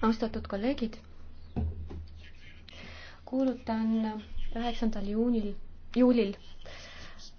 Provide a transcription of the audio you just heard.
austatud kolleegid, kuulutan üheksandal juunil, juulil